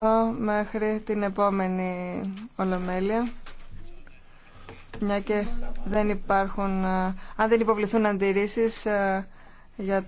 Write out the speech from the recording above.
εδώ μέχρι την επόμενη ολομέλεια. Μια και δεν υπάρχουν, ε, αν δεν υποβληθούν αντιρρήσεις ε, για